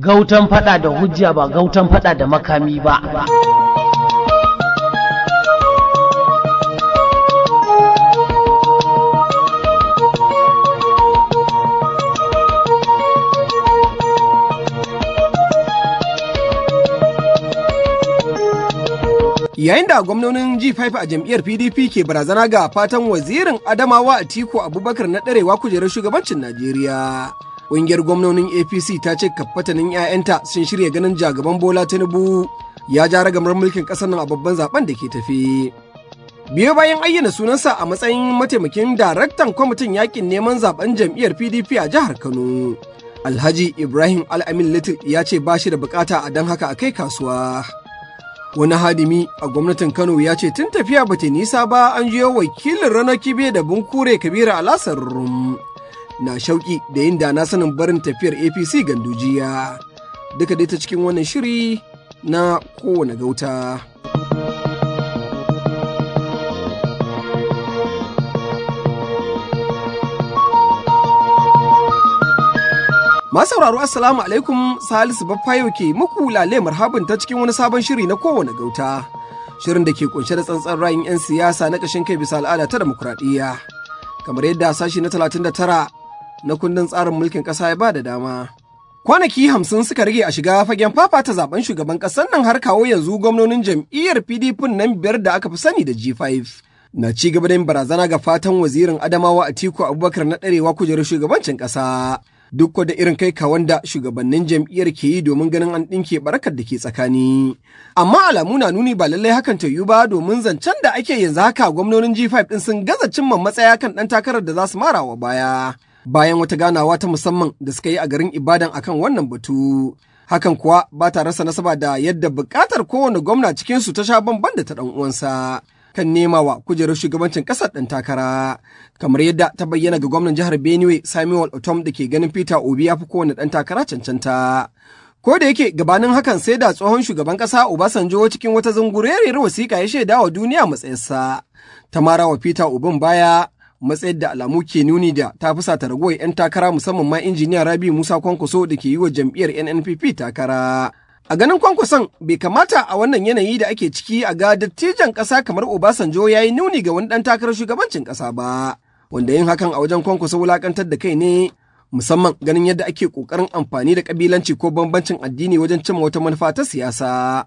gautan fada da hujja ba gautan fada da makami ba yayin da gwamnonin g5 a jam'iyyar pdp ke barazana ga fatan wazirin adamawa a tiko abubakar na ɗarewa kujerar shugabancin najeriya ƙungiyar gwamnonin apc ta ce kafatanin 'ya'yanta sun shirya ganin jagaban bola tinubu ya ja ragamar mulkin ƙasar nan a babban zaben da ke tafe. biyo bayan ayyana sunansa a matsayin mataimakin daraktan kwamitin yakin neman zaben jam'iyyar pdp a jihar kano alhaji ibrahim al'amin little ya ce ba shi da bukata a don haka a kai kasuwa wani hadimi a gwamnatin kano ya ce tun tafiya bata nisa ba an jiyo wakilin ranar kibe da bunkure kabira alasar rum na shauƙi da yin da na sanin barin tafiyar apc gandujiya duka dai ta cikin wannan shiri na kowane gauta sauraro assalamu alaikum salisu baffayo ke muku lale marhabin ta cikin wani sabon shiri na kowane gauta shirin da ke kunshe da tsantsan ra'ayin 'yan siyasa na kashin kai bisa al'ada ta demokuraɗiyya kamar yadda sashi na 39 na kundin tsarin mulkin ƙasa ya ba da dama. Kwanaki hamsin suka rage a shiga fagen fafa ta zaben shugaban ƙasar nan har kawo yanzu gwamnonin jam'iyyar PDP nan biyar da aka fi sani da G5. Na ci gaba da yin barazana ga fatan wazirin Adamawa Atiku Abubakar na ɗarewa kujerar shugabancin ƙasa. Duk da irin kai kawan da shugabannin jam'iyyar ke yi domin ganin an ɗinke barakar da ke tsakani. Amma alamu na nuni ba lallai hakan ta yiwu ba domin zancen da ake yanzu haka gwamnonin G5 ɗin sun gaza cimma matsaya kan ɗan takarar da za su mara wa baya. bayan wata ganawa ta musamman da suka yi a garin Ibadan akan wannan batu. Hakan kuwa ba ta rasa nasaba da yadda buƙatar kowane gwamna cikinsu ta sha bamban da ta ɗan uwansa. kan nema wa kujerar shugabancin kasar ɗan takara kamar yadda ta bayyana ga gwamnan jihar benue samuel otom da ke ganin peter obi ya fi kowane ɗan takara cancanta ko da yake gabanin hakan sai da tsohon shugaban ƙasa obasanjo cikin wata zungureriyar wasiƙa ya shaida wa duniya matsayarsa ta mara wa peter obin baya matsayar da alamu ke nuni da ta fi sata ragowar 'yan takara musamman ma injiniya rabi musa kwankwaso da ke yi wa jam'iyyar nnpp takara a ganin kwankwason bai kamata a wannan yanayi da ake ciki a ga dattijan ƙasa kamar obasanjo ya yi nuni ga wani ɗan takarar shugabancin ƙasa ba wanda yin hakan a wajen kwankwaso wulakantar da kai ne musamman ganin yadda ake ƙoƙarin amfani da ƙabilanci ko bambancin addini wajen cimma wata manufa ta siyasa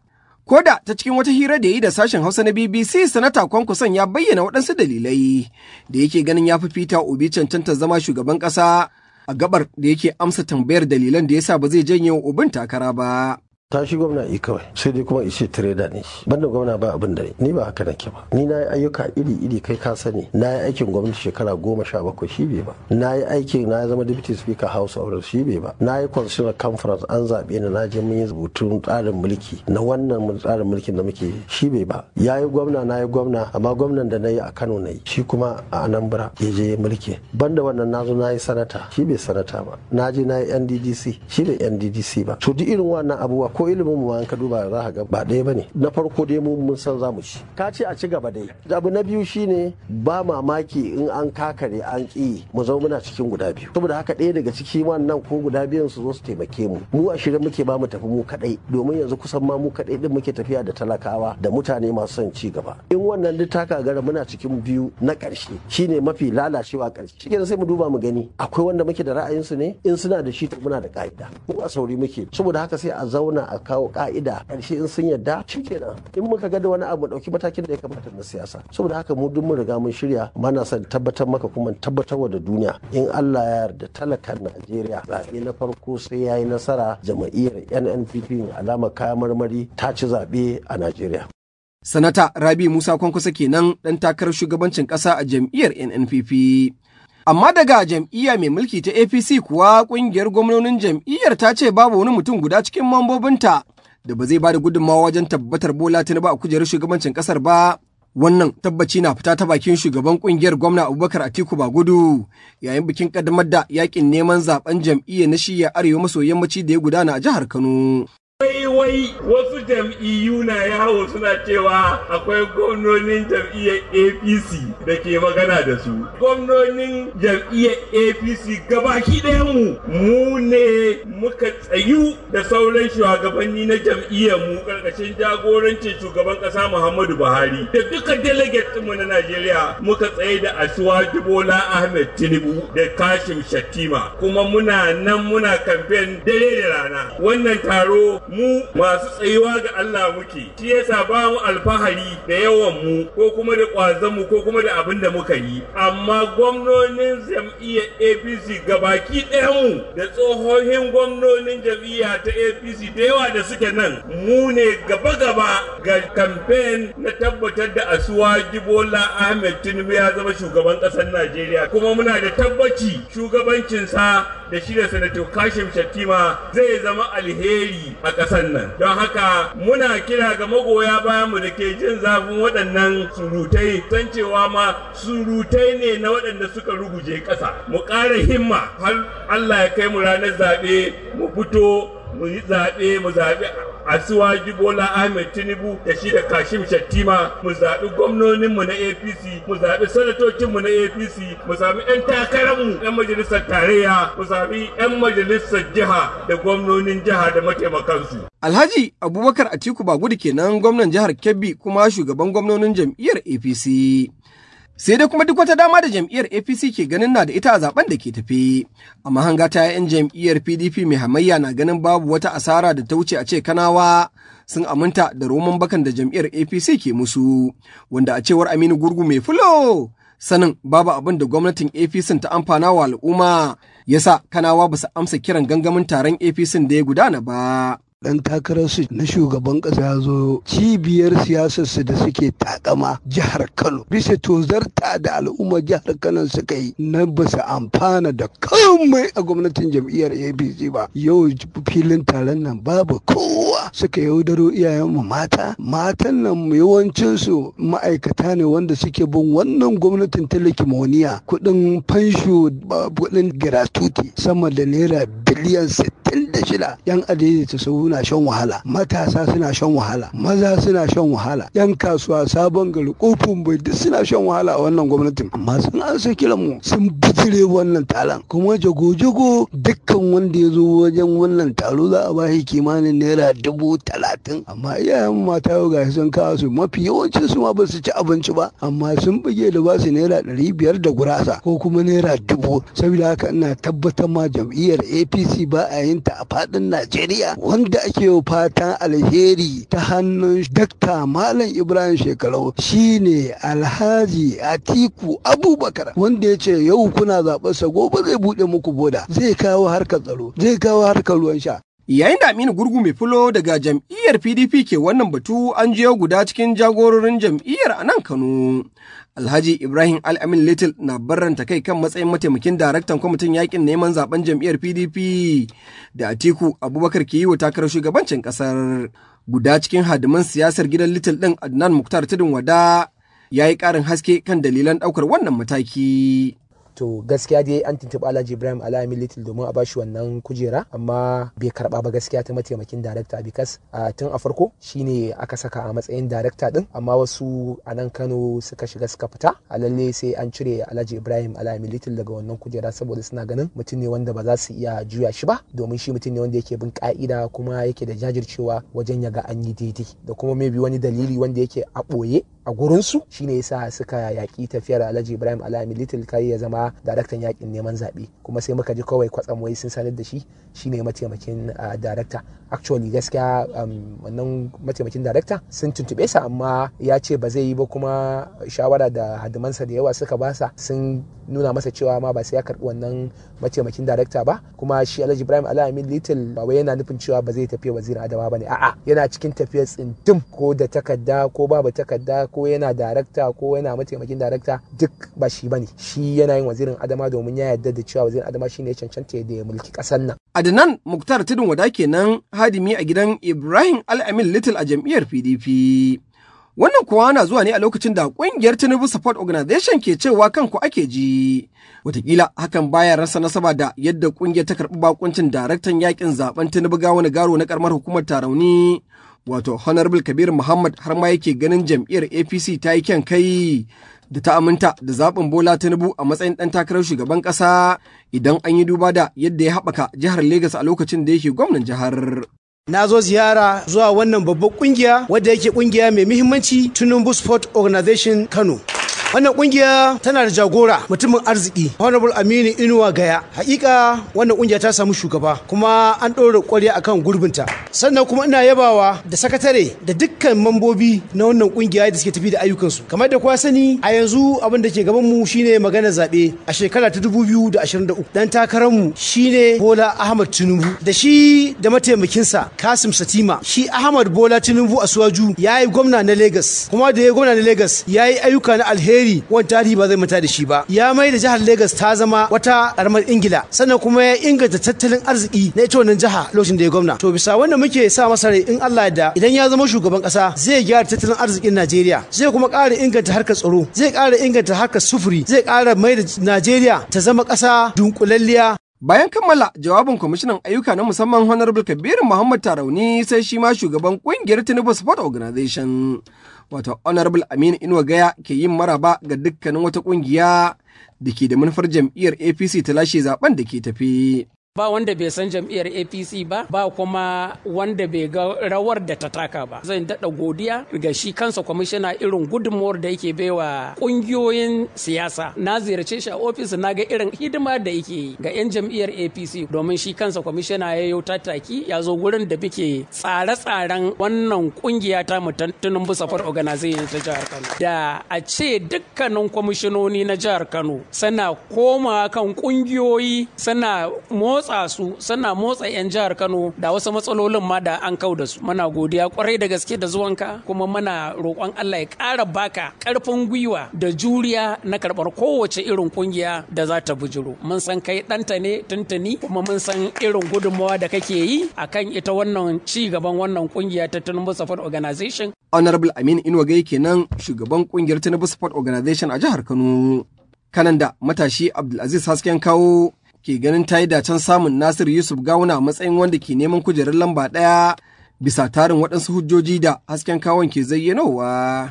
Koda, ta cikin wata hira da yi da sashen Hausa na BBC sanata Kwankuson ya bayyana waɗansu dalilai da yake ganin ya fi Peter Obi cancanta zama shugaban ƙasa a gabar da yake amsa tambayar dalilan da ya sa ba zai janye wa Obin takara ba. ta shi gwamna yi kawai sai dai kuma ishe tireda ne banda gwamna ba abin da ni ba haka nake ba ni na yi ayyuka iri iri kai ka sani na yi aikin gwamnati shekara goma sha bakwai shi bai ba na yi aikin na zama deputy speaker house of reps shi bai ba na yi constitutional conference an zaɓe ni na je mun yi rubutun tsarin mulki na wannan tsarin mulkin da muke shi bai ba ya yi gwamna na yi gwamna amma gwamnan da na yi a Kano na yi shi kuma a Anambra ya je mulki banda wannan na zo na yi sanata shi bai sanata ba na je na yi NDDC shi bai NDDC ba to duk irin wannan abubuwa ko ilimin mu an ka duba za ka ga ba ɗaya bane na farko dai mu mun san zamu ci ka ce a ci gaba dai abu na biyu shine ba mamaki in an kakare an ki mu zama muna cikin guda biyu saboda haka ɗaya daga ciki wannan ko guda biyun su zo su taimake mu mu a shirin muke ba mu tafi mu kadai domin yanzu kusan ma mu kadai din muke tafiya da talakawa da mutane masu son ci gaba in wannan duk gara muna cikin biyu na ƙarshe shine mafi lalacewa ƙarshe shi sai mu duba mu gani akwai wanda muke da ra'ayinsu ne in suna da shi muna da ka'ida ko a sauri muke saboda haka sai a zauna a kawo ka'ida karshe in sun yarda yadda kenan in muka ga da wani abu dauki matakin da ya kamata na siyasa saboda haka mu duk mun riga mun shirya mana son tabbatar maka kuma wa da duniya in Allah ya yarda talakan Najeriya zaɓe na farko sai ya yi nasara jam'iyyar NNPP alama kayan marmari ta ci zaɓe a Najeriya. Sanata Rabi Musa Kwankwasa kenan ɗan takarar shugabancin ƙasa a jam'iyyar NNPP. Amma daga jam'iyya mai mulki ta APC kuwa ƙungiyar gwamnonin jam'iyyar ta ce babu wani mutum guda cikin mambobinta da ba zai ba da gudunmawa wajen tabbatar Bola ta Tinubu a kujerar shugabancin ƙasar ba. Wannan tabbaci na fita ta bakin shugaban kungiyar gwamna Abubakar Atiku gudu yayin bikin kaddamar da yakin neman zaben jam'iyyar na shiya arewa maso yammaci da ya gudana a jihar Kano. wai wasu jam'iyyu na yawo suna cewa akwai gwamnonin jam'iyyar apc da ke magana da su gwamnonin jam'iyyar apc gabaki ɗayanmu mu ne muka tsayu da sauran shugabanni na jam'iyyar mu ƙarƙashin jagorancin shugaban ƙasa muhammadu buhari da duka delegate mu na najeriya muka tsaye da asuwa bola ahmed tinubu da kashim shattima kuma muna nan muna kamfen dare da rana wannan taro mu masu tsayuwa ga Allah muke shi yasa ba mu alfahari da yawan mu ko kuma da kwazon mu ko kuma da abin da muka yi amma gwamnonin jam'iyyar APC ga baki ɗayan mu da tsohohin gwamnonin jam'iyya ta APC da yawa da suke nan mu ne gaba-gaba ga campaign na tabbatar da asuwa Gibola Ahmed Tinubu ya zama shugaban ƙasar Najeriya kuma muna da tabbaci shugabancinsa da shi da sanato Kashim Shattima zai zama alheri a ƙasar nan don haka muna kira ga magoya bayan mu da ke jin zafin waɗannan surutai san cewa ma surutai ne na waɗanda suka ruguje ƙasa mu ƙara himma har Allah ya kai mu ranar zaɓe mu fito mu zaɓe mu zaɓe. asuwaji bola ahmed tinubu da shi da kashim shattima mu zaɓi gwamnoninmu na apc mu zaɓi sanatocinmu na apc mu zaɓi 'yan takararmu 'yan majalisar tarayya mu zaɓi 'yan majalisar jiha da gwamnonin jiha da mataimakansu Alhaji Abubakar Atiku Bagudu kenan gwamnan jihar Kebbi kuma shugaban gwamnonin jam'iyyar APC. sai dai kuma duk wata dama da jam'iyyar apc ke ganin na da ita a zaben da ke tafi amma hanga ta 'yan jam'iyyar pdp mai hamayya na ganin babu wata asara da ta wuce a ce kanawa sun aminta da roman bakan da jam'iyyar apc ke musu wanda a cewar aminu gurgu mai fulo sanin babu abin da gwamnatin apc ta amfana wa al'umma yasa kanawa ba su amsa kiran gangamin taron apc da ya gudana ba dan takararsu na shugaban ƙasa ya zo cibiyar siyasarsu da suke takama jihar kano bisa tozarta da al'umma jihar kano suka yi na ba su amfana da komai a gwamnatin jam'iyyar apc ba yau filin taron nan babu kowa suka yaudaro mu mata matan nan yawancinsu ma'aikata ne wanda suke bin wannan gwamnatin telekimoniya kuɗin fansho kuɗin giratuti sama da naira biliyan da shida. yan adaidaita na shan wahala matasa suna shan wahala maza suna shan wahala yan kasuwa sabon gari kofin bai duk suna shan wahala a wannan gwamnatin amma sun an sa mu sun bijire wannan talan. kuma jago-jago dukkan wanda ya zo wajen wannan taro za a bashi kimanin naira dubu talatin amma iyayen mata yau gashi sun kawo su mafi yawancin su ma ba su ci abinci ba amma sun buge da ba su naira ɗari biyar da gurasa ko kuma naira dubu saboda haka ina tabbatar ma jam'iyyar apc ba a yin ta a faɗin najeriya wanda ake yau fatan alheri ta hannun dakta malam ibrahim shekarau shine alhaji atiku abubakar wanda ya ce yau kuna zaɓarsa gobe zai buɗe muku boda zai kawo harkar tsaro zai kawo harkar ruwan sha Yayin da Aminu Gurgu mai fulo daga jam'iyyar PDP ke wannan batu an jiyo guda cikin jagororin jam'iyyar a nan Kano. Alhaji Ibrahim Al-Amin Little na barranta kai kan matsayin mataimakin daraktan kwamitin yakin neman zaben jam'iyyar PDP da Atiku Abubakar ke yi wa takarar shugabancin kasar. Guda cikin hadiman siyasar gidan Little ɗin Adnan Muktar Tudun Wada ya yi ƙarin haske kan dalilan ɗaukar wannan mataki. to gaskiya dai an tuntuɓi alhaji ibrahim alhaji little domin a bashi wannan kujera amma bai karɓa ba gaskiya ta mataimakin darakta bikas tun a farko shine aka saka a matsayin darakta din amma wasu a nan kano suka shiga suka fita a lalle sai an cire alhaji ibrahim alhaji little daga wannan kujera saboda suna ganin mutum ne wanda ba za su iya juya shi ba domin shi mutum ne wanda yake bin ka'ida kuma yake da jajircewa wajen ya ga an yi daidai da kuma bi wani dalili wanda yake a ɓoye a gurinsu shine yasa suka yaƙi tafiyar alhaji ibrahim alami little kai ya zama daraktan yakin neman zaɓe kuma sai muka ji kawai kwatsam wai sun sanar da shi Shi ne mataimakin darakta actually gaskiya um, wannan mataimakin darakta sun tuntube sa amma ya ce ba zai yi ba kuma shawara da hadimansa da yawa suka basa sun nuna masa cewa ma ba sai ya karbi wannan mataimakin darakta ba kuma shi Alhaji Ibrahim alhamin Little ba wai yana nufin cewa ba zai tafi wazirin Adama ne. a'a yana cikin tafiyar tsintim ko da takarda ko babu takarda ko yana darakta ko yana mataimakin darakta duk ba shi ne shi yana yin wazirin Adama domin ya yarda da cewa wazirin Adama shine ya cancanta da ya mulki kasar nan Adnan Muktar Tudun Wada kenan hadimi a gidan Ibrahim Al-Amin Little a jam'iyyar PDP. Wannan kuwa na zuwa ne a lokacin da ƙungiyar Tinubu Support Organization ke cewa kanku ake ji. Wataƙila hakan baya rasa nasaba da yadda ƙungiyar ta karɓi bakuncin daraktan yakin zaben Tinubu wani Garo na ƙaramar hukumar Tarauni. Wato Honorable Kabir Muhammad har ma yake ganin jam'iyyar APC ta yi kyan kai da ta aminta da zaɓin Bola Tinubu a matsayin ɗan takarar shugaban ƙasa idan an yi duba da yadda ya haɓaka jihar Legas a lokacin da yake gwamnan jihar. Na zo ziyara zuwa wannan babbar ƙungiya wadda yake ƙungiya mai muhimmanci Tinubu Sport Organization Kano. wannan kungiya tana da jagora mutumin arziki honorable aminu inuwa gaya hakika wannan kungiya ta samu shugaba kuma an ɗora ƙwarya akan gurbinta sannan kuma ina yabawa da sakatare da dukkan mambobi na wannan kungiya da suke tafi da ayyukansu kamar da kuwa sani a yanzu abin da ke gaban mu shine magana zaɓe a shekara ta dubu biyu 2023 dan takarar mu shine bola ahmad tinubu da shi da mataimakinsa kasim satima shi ahmad bola tinubu a suwaju ya yi gwamna na legas. kuma da ya gwamna na legas ya yi ayyuka na alheri alheri wani tarihi ba zai manta da shi ba ya mai da jihar Lagos ta zama wata karamar Ingila sannan kuma ya inganta tattalin arziki na ita wannan jiha lokacin da ya gwamna to bisa wanda muke sa masa rai in Allah ya da idan ya zama shugaban kasa zai gyara tattalin arzikin Najeriya zai kuma ƙara inganta harkar tsaro zai ƙara inganta harkar sufuri zai ƙara mai da Najeriya ta zama ƙasa dunkulalliya Bayan kammala jawabin kwamishinan ayyuka na musamman Honorable Kabiru Muhammad Tarauni sai shi ma shugaban kungiyar Tinubu Sport Organization wato honorable aminu inuwa gaya ke yin maraba ga dukkanin wata ƙungiya da ke da manufar jam'iyyar apc ta lashe zaben da ke tafi ba wanda bai san jam'iyyar apc ba ba kuma wanda bai ga rawar da ta taka ba zan daɗa godiya ga shi kansa kwamishina irin gudunmuwar da yake baiwa ƙungiyoyin siyasa na ziyarce shi a ofis na ga irin hidima da yake yi ga 'yan jam'iyyar apc domin shi kansa kwamishina ya yi tattaki ya zo wurin da muke tsare-tsaren wannan ƙungiya ta mutantunin busafar organization ta jihar kano da a ce dukkanin kwamishinoni na jihar kano suna koma kan ƙungiyoyi suna motsa motsa su suna motsa 'yan jihar Kano da wasu matsalolin ma da an kau da su. Muna godiya kwarai da gaske da zuwanka kuma muna roƙon Allah ya ƙara baka ƙarfin gwiwa da juriya na karɓar kowace irin kungiya da za ta bujiro. Mun san kai ɗanta ne tuntuni kuma mun san irin gudunmawa da kake yi akan ita wannan ci gaban wannan kungiya ta Tinubu Support Organization. Honorable Amin yake kenan shugaban kungiyar Tinubu Support Organization a jihar Kano. Kanan da matashi Abdulaziz Hasken kawo ke ganin ta yi dacen samun Nasir Yusuf Gawuna a matsayin wanda ke neman kujerar lamba ɗaya bisa tarin waɗansu hujjoji da hasken kawon ke zayyanowa.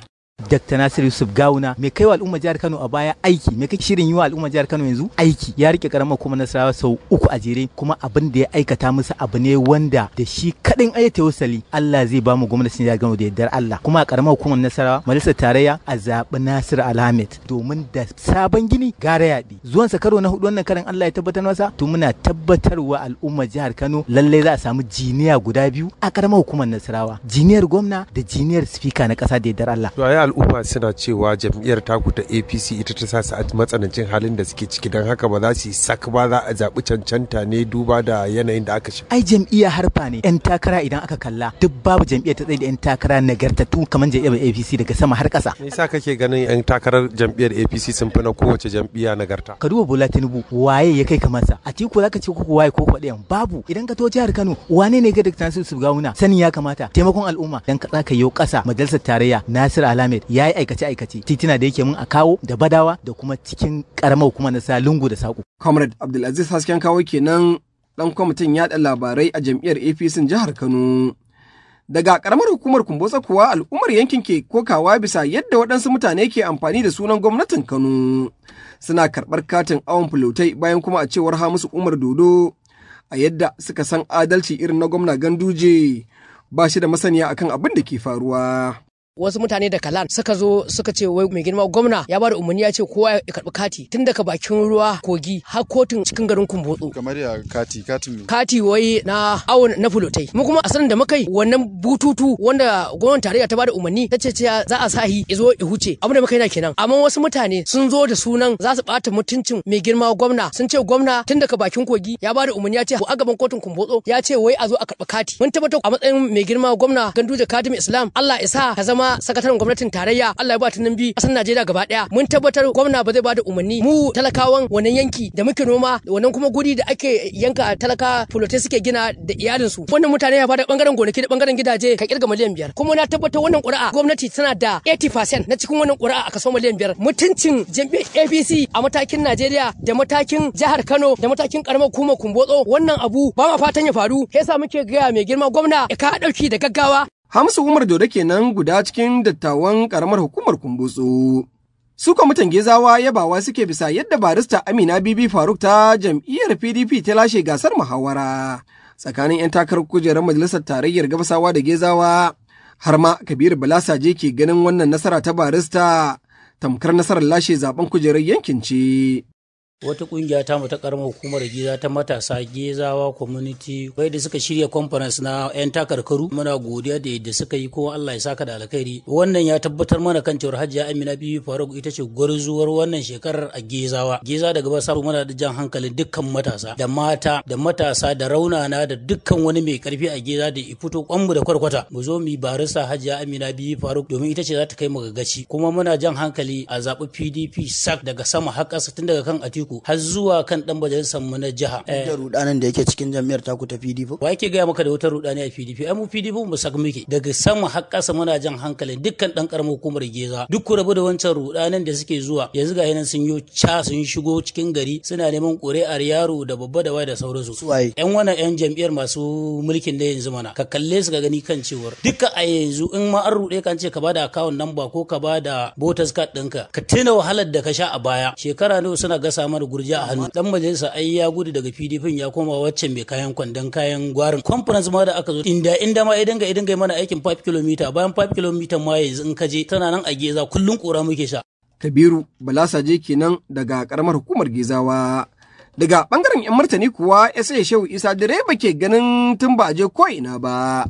Dr. Nasir Yusuf Gawuna me kai wa al'umma jihar Kano a baya aiki me kai shirin yi wa al'umma jihar Kano yanzu aiki ya rike karamar kuma Nasarawa sau uku a jere kuma abin da ya aikata musu abu ne wanda da shi kadin ayyata wasali Allah zai ba mu gwamnatin jihar Kano da yardar Allah kuma a karamar hukumar Nasarawa majalisar tarayya a zaɓi Nasir Alhamid domin da sabon gini gara zuwan sa karo na hudu wannan karin Allah ya tabbatar masa to muna tabbatarwa al'umma jihar Kano lalle za a samu jiniya guda biyu a karamar hukumar Nasarawa jiniyar gwamna da jiniyar sifika na kasa da yardar Allah al'umma suna cewa jam'iyyar taku ta apc ita ta sa su a matsanancin halin da suke ciki don haka ba za su yi sak ba za a zaɓi cancanta ne duba da yanayin da aka shi ai jam'iyya harfa ne yan takara idan aka kalla duk babu jam'iyyar ta tsaye da yan takara nagartattu kamar jam'iyyar apc daga sama har ƙasa me yasa kake ganin yan takarar jam'iyyar apc sun fi na kowace jam'iyya nagarta ka duba bola tinubu waye ya kai kamar sa a za ka ce ko waye ko kwaɗayan babu idan ka to jihar kano wane ne ga dr su gauna sanin ya kamata taimakon al'umma dan ka tsaka yau ƙasa majalisar tarayya nasir alame yayi ya yi aikace aikace titina da yake mun a kawo da badawa da kuma cikin karamar hukumar na lungu da saƙo. Comrade Abdulaziz Hasken kawo kenan dan kwamitin yaɗa labarai a jam'iyyar APC jihar Kano. Daga karamar hukumar Kumbotsa kuwa al'ummar yankin ke kokawa bisa yadda waɗansu mutane ke amfani da sunan gwamnatin Kano. Suna karɓar katin awon fulotai bayan kuma a cewar Hamisu Umar Dodo a yadda suka san adalci irin na gwamna Ganduje ba shi da masaniya akan abin da ke faruwa. wasu mutane da kalan suka zo suka ce wai mai girma gwamna ya bada umarni ya ce kowa ya karbi kati tun daga bakin ruwa kogi har kotun cikin garin kumbotso kamar ya kati kati kati wai na awon na fulotai mu kuma a da muka yi wannan bututu wanda gwamnatin tarayya ta bada umarni ta ce za a sa ya zo ya huce abin da muka yi na kenan amma wasu mutane sun zo da sunan za su bata mutuncin mai girma gwamna sun ce gwamna tun daga bakin kogi ya bada umarni ya ce a gaban kotun kumbotso ya ce wai a zo a karbi kati mun tabbatar a matsayin mai girma gwamna da kadim islam Allah ya sa ka zama zama sakataren gwamnatin tarayya Allah ya ba ta a san Najeriya gaba daya mun tabbatar gwamna ba zai ba da umarni mu talakawan wannan yanki da muke noma wannan kuma guri da ake yanka talaka fulote suke gina da iyalinsu wannan mutane ya bada bangaren gonaki da bangaren gidaje ka kirga miliyan biyar kuma na tabbatar wannan ƙuri'a gwamnati tana da 80% na cikin wannan ƙuri'a a kaso miliyan biyar mutuncin jam'iyyar APC a matakin Najeriya da matakin jihar Kano da matakin karamar kuma kumbotso wannan abu ba ma fatan ya faru sa muke gaya mai girma gwamna ka dauki da gaggawa Hamsu Umar Dodo kenan guda cikin dattawan karamar hukumar Kumbutsu. Su kwamitan Gezawa yabawa suke bisa yadda barista Amina Bibi Faruk ta jam'iyyar PDP ta lashe gasar muhawara tsakanin 'yan takarar kujerar majalisar tarayyar gabasawa da Gezawa har ma Kabiru Balasaje ke ganin wannan nasara ta barista tamkar nasarar lashe zaben kujerar yankin ce. wata kungiya ta ta karamar hukumar giza ta matasa gezawa community wai da suka shirya conference na yan takarkaru muna godiya da yadda suka yi ko Allah ya saka da alkhairi wannan ya tabbatar mana kan cewar Hajiya Amina Bibi Faruk ita ce gwarzuwar wannan shekarar a gezawa geza daga basa muna da jan hankalin dukkan matasa da mata da matasa da raunana da dukkan wani mai karfi a geza da ya fito kwanmu da kwarkwata mu zo mu barisa Hajiya Amina Bibi Faruk domin ita ce za ta kai mu gaci kuma muna jan hankali a zabi PDP sak daga sama har tun daga kan Atiku Atiku har zuwa kan dan majalisa mu na jiha. Da rudanin da yake cikin jami'ar taku ta PDP. Wa yake gaya maka da wata rudani a PDP? Ai mu PDP mu sak muke daga sama har ƙasa muna jan hankalin dukkan dan karamar hukumar Geza. Duk ku rabu da wancan rudanin da suke zuwa yanzu ga yanan sun yi ca sun shigo cikin gari suna neman ƙuri'ar yaro da babba da wai da sauransu. Suwaye. Yan wannan yan jam'iyyar masu mulkin da yanzu mana ka kalle su ka gani kan cewar duka a yanzu in ma an rude kan ce ka bada account number ko ka bada voters card ɗinka ka tuna wahalar da ka sha a baya shekara nawa suna gasa Umaru Gurji a hannu dan majalisa ai ya gudu daga PDP ya koma waccan mai kayan kwandon kayan gwarin conference ma da aka zo inda inda ma idan ga idan ga mana aikin 5 km bayan 5 km ma yanzu in ka je tana nan a Geza kullun kura muke sha Kabiru Balasaje kenan daga karamar hukumar Gezawa daga bangaren yan martani kuwa SA Shehu Isa direba ke ganin tun ba je ko ina ba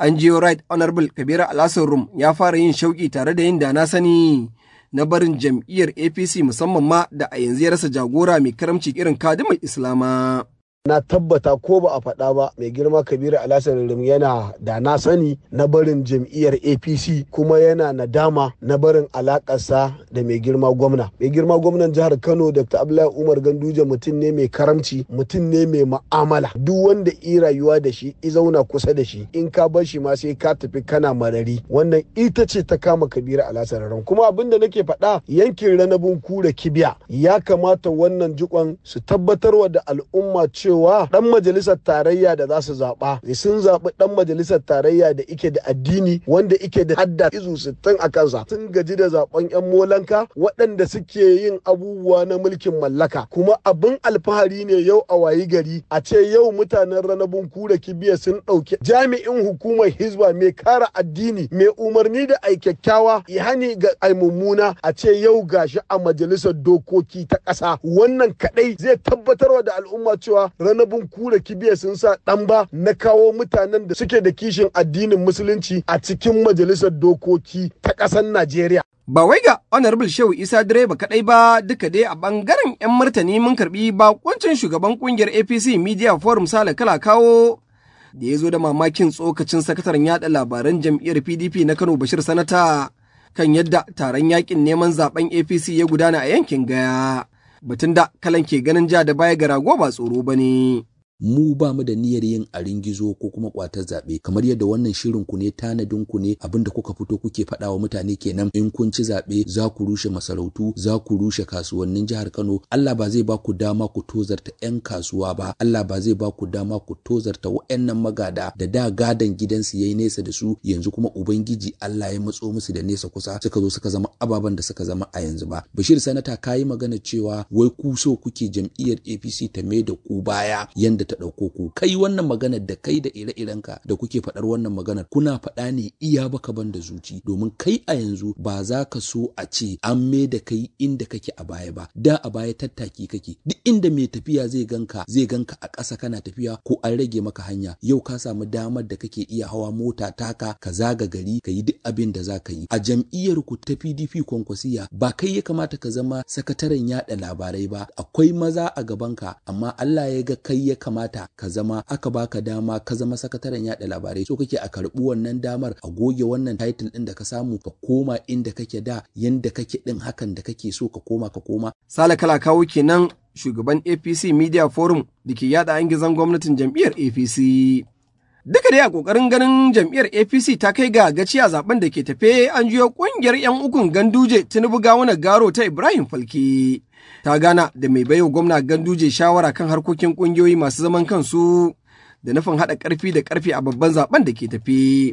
an right honorable kabira alhassan rum ya fara yin shauki tare da yin da na sani na barin jam'iyyar APC musamman ma da a yanzu ya rasa jagora mai karamci irin kadimar Islama. na tabbata ko ba a faɗa ba mai girma kabiru alhassan rim yana da na sani na barin jam'iyyar apc kuma yana nadama na barin alakarsa da mai girma gwamna mai girma gwamnan jihar kano dr abdullahi umar ganduje mutum ne mai karamci mutum ne mai ma'amala duk wanda i rayuwa da shi i zauna kusa da shi in ka bar shi ma sai ka tafi kana marari wannan ita ce ta kama kabiru alhassan rim kuma abin da nake faɗa yankin ranabun kura kibiya ya kamata wannan jikon su tabbatarwa da al'umma cewa cewa dan majalisar tarayya da za su zaɓa sun zaɓi dan majalisar tarayya da ike da addini wanda ike da hadda izu sittin a kansa sun gaji da zaɓen yan molanka waɗanda suke yin abubuwa na mulkin mallaka kuma abin alfahari ne yau a wayi gari a ce yau mutanen ranabun kura kibiya sun ɗauki jami'in hukumar hizba mai kara addini mai umarni da ai kyakkyawa ya hani ga ai mummuna a ce yau gashi a majalisar dokoki ta ƙasa wannan kaɗai zai tabbatarwa da al'umma cewa ranabin kura kibiya sun sa ɗanba ba na kawo mutanen da suke da kishin addinin musulunci a cikin majalisar dokoki ta ƙasar Najeriya. Ba wai ga Honorable Shehu Isa Direba kaɗai ba duka dai a bangaren 'yan martani mun karɓi bakuncin shugaban ƙungiyar APC Media Forum Sale Kala kawo da ya zo da mamakin tsokacin sakataren yada labaran jam'iyyar PDP na Kano Bashir Sanata kan yadda taron yakin neman zaben APC ya gudana a yankin Gaya. batun da kalan ke ganin ja da baya ga rago ba tsoro ba ne. mu ba mu da niyyar yin arin gizo ko kuma kwatar zaɓe kamar yadda wannan shirin ku ne tanadin ku ne abin da kuka fito kuke faɗa wa mutane kenan in kun ci zaɓe za ku rushe masarautu za ku rushe kasuwannin jihar Kano Allah ba zai ba ku dama ku tozarta 'yan kasuwa ba Allah ba zai ba ku dama ku tozarta wa'annan magada da da gadan gidansu yayi nesa da su yanzu kuma ubangiji Allah ya matso musu da nesa kusa suka zo suka zama ababen da suka zama a yanzu ba Bashir sanata kayi magana cewa wai ku so kuke jam'iyyar APC ta mai da ku baya yanda ta ɗauko ku kai wannan maganar da kai da ire-irenka da kuke faɗar wannan maganar kuna faɗa ne iya baka ban da zuci domin kai a yanzu ba za ka so a ce an me da kai inda kake a baya ba da a baya tattaki kake duk inda mai tafiya zai ganka zai ganka a ƙasa kana tafiya ko an rage maka hanya yau ka samu damar da kake iya hawa mota taka ka zaga gari ka yi duk abin da za ka yi a jam'iyyar ku ta PDP kwankwasiya ba kai ya kamata ka zama sakataren yaɗa labarai ba akwai maza a gaban ka amma Allah ya ga kai ya kamata kamata ka zama aka baka dama ka zama sakataren yada labarai so kake a karbi wannan damar a goge wannan title din da ka samu ka koma inda kake da yanda kake din hakan da kake so ka koma ka koma sala kala kawo kenan shugaban APC Media Forum da ke yada an gwamnatin jam'iyyar APC Duka dai a kokarin ganin jam'iyyar APC ta kai ga gaci a zaben da ke tafe an juyo kungiyar 'yan ukun ganduje Tinubu gawuna garo ta Ibrahim Falki. Ta gana da mai baiwa gwamna ganduje shawara kan harkokin kungiyoyi masu zaman kansu da nufin haɗa ƙarfi da ƙarfi a babban zaben da ke tafe.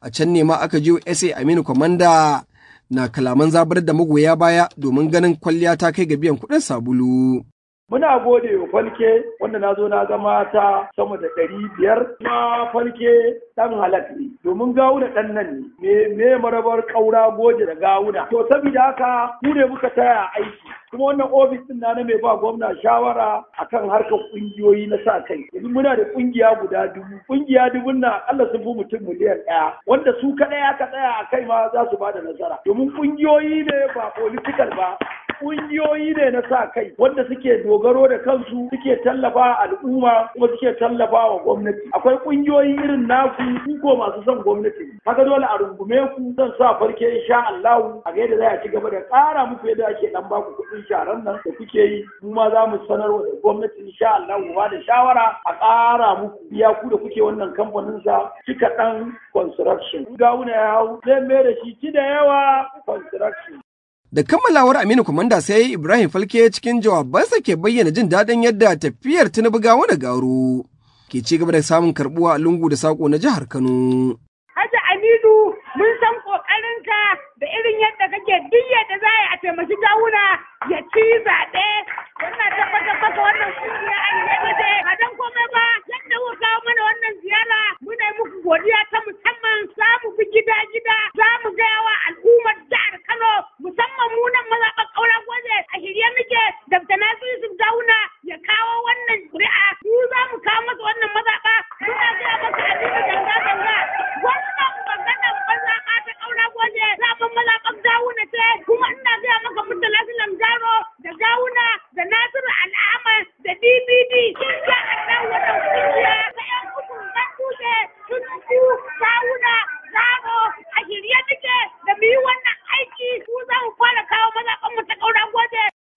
A can ne ma aka jiyo SA Aminu Kwamanda na kalaman zabar da magoya baya domin ganin kwalliya ta kai ga biyan kuɗin sabulu. Muna gode wa falke wanda na zo na zama ta sama da ɗari biyar. Kuma falke ɗan halak ne. Domin gawuna ɗan nan ne. Me marabar ƙaura goje da gawuna. To saboda haka mu ne muka taya aiki. Kuma wannan ofis ɗin na mai ba gwamna shawara akan harkar ƙungiyoyi na sa kai. Yanzu muna da ƙungiya guda dubu. Ƙungiya dubun na Allah sun fi mutum miliyan ɗaya. Wanda su kaɗai aka tsaya a kai ma za su ba da nasara. Domin ƙungiyoyi ne ba political ba. kungiyoyi ne na sa kai wanda suke dogaro da kansu suke tallafa al'umma kuma suke tallafa wa gwamnati akwai kungiyoyi irin naku ko masu son gwamnati haka dole a rungume ku zan sa farke sha Allah a ga yadda za a ci gaba da ƙara muku yadda ake dan baku kuɗin sharan nan da kuke yi mu ma za mu sanarwa da gwamnati sha Allah ba da shawara a ƙara muku biya ku da kuke wannan kamfanin sa cika dan construction gawuna ya hau zai mai da shi ci da yawa construction Da kammalawar Aminu Kwamanda sai Ibrahim Falke cikin jawabansa ke bayyana jin daɗin yadda tafiyar Tinubu gawo da garu. ke ci gaba da samun karbuwa a lungu da sako na jihar Kano. Haji Aminu mun san ƙoƙarinka da irin yadda kake duk yadda za a taimaki gawuna ya ci zaɓe. Wannan tabbatar maka wannan kungiya an yadda dai ba dan komai ba yadda kuka kawo mana wannan ziyara muna muku godiya ta musamman za mu fi gida gida za mu gaya wa al'ummar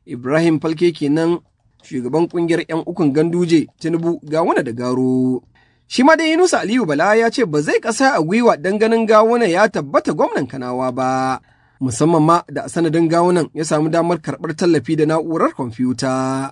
Ibrahim Falke kenan shugaban kungiyar 'yan ukun ganduje Tinubu gawuna da garo. Shi ma dai Yunusa Aliyu Bala ya ce ba zai ƙasa a gwiwa dan ganin gawuna ya tabbata gwamnan Kanawa ba. Musamman ma da a sanadin gawunan ya samu damar karɓar tallafi da na'urar kwamfuta.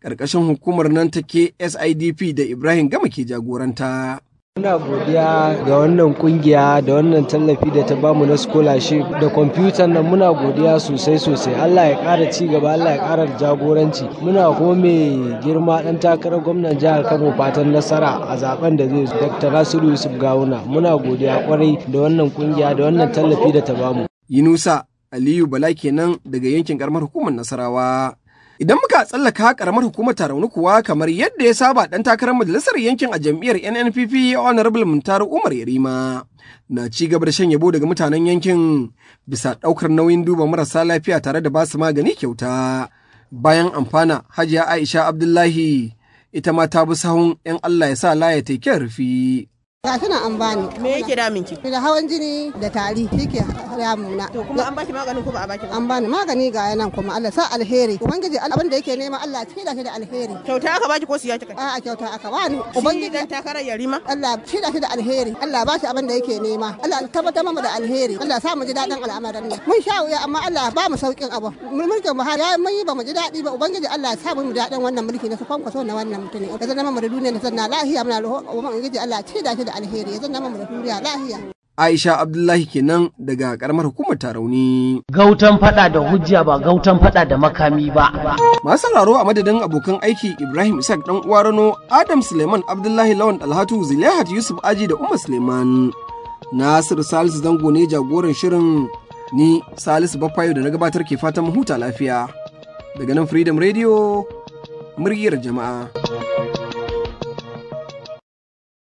Ƙarƙashin hukumar nan take SIDP da Ibrahim Gama ke jagoranta. Muna godiya ga wannan kungiya da wannan tallafi da ta bamu na scholarship da kwamfutan nan muna godiya sosai sosai. Allah ya ƙara ci gaba, Allah ya ƙara jagoranci. Muna kuma mai girma ɗan takarar gwamnan jihar Kano fatan nasara a zaben da zai zo. Dr. Nasiru Yusuf Gawuna muna godiya kwarai da wannan kungiya da wannan tallafi da ta bamu. Yunusa Aliyu Bala kenan daga yankin karamar hukumar Nasarawa. Idan muka tsallaka karamar hukumar Tarauni kuwa kamar yadda ya saba dan takarar majalisar yankin a jam'iyyar NNPP Honorable Muntaru Umar Yarima na ci gaba da shan yabo daga mutanen yankin bisa ɗaukar nauyin duba marasa lafiya tare da basu magani kyauta. Bayan amfana Hajiya Aisha Abdullahi ita ma ta bi sahun 'yan Allah ya sa laya ta rufi. Gasu nan an bani. Me yake damin Da hawan jini da tari shike ramuna. To kuma an baki maganin ko ba a baki ba? An bani magani ga yanan kuma Allah sa alheri. Ubangiji abin da yake nema Allah ya da shi da alheri. Kyauta aka baki ko siya kika? A'a kyauta aka bani. Ubangiji dan takara yarima? Allah ya da shi da alheri. Allah ba shi abin da yake nema. Allah ya tabbata mana da alheri. Allah sa mu ji daɗin al'amarin nan. Mun sha wuya amma Allah ba mu saukin abu. Mulkin Buhari ya mun yi ba mu ji daɗi ba. Ubangiji Allah sa mu dadin wannan mulki na su kwankwaso na wannan mutumin. Ka zama mu da duniya na sanna lahiya muna roƙon Ubangiji Allah ya tsira shi da alheri ya zanna mu da duniya lahiya Aisha Abdullahi kenan daga karamar hukumar Tarauni. Gautan fada da hujja ba gautan fada da makami ba. Masu sauraro a madadin abokan aiki Ibrahim Isak, dan uwa Rano, Adam Suleiman Abdullahi Lawan Alhatu, Zulaihat Yusuf Aji da Umar Suleiman. Nasir Salisu Zango ne jagoran shirin ni Salisu Bafayo da na gabatar ke fatan huta lafiya. Daga nan Freedom Radio, muryar jama'a.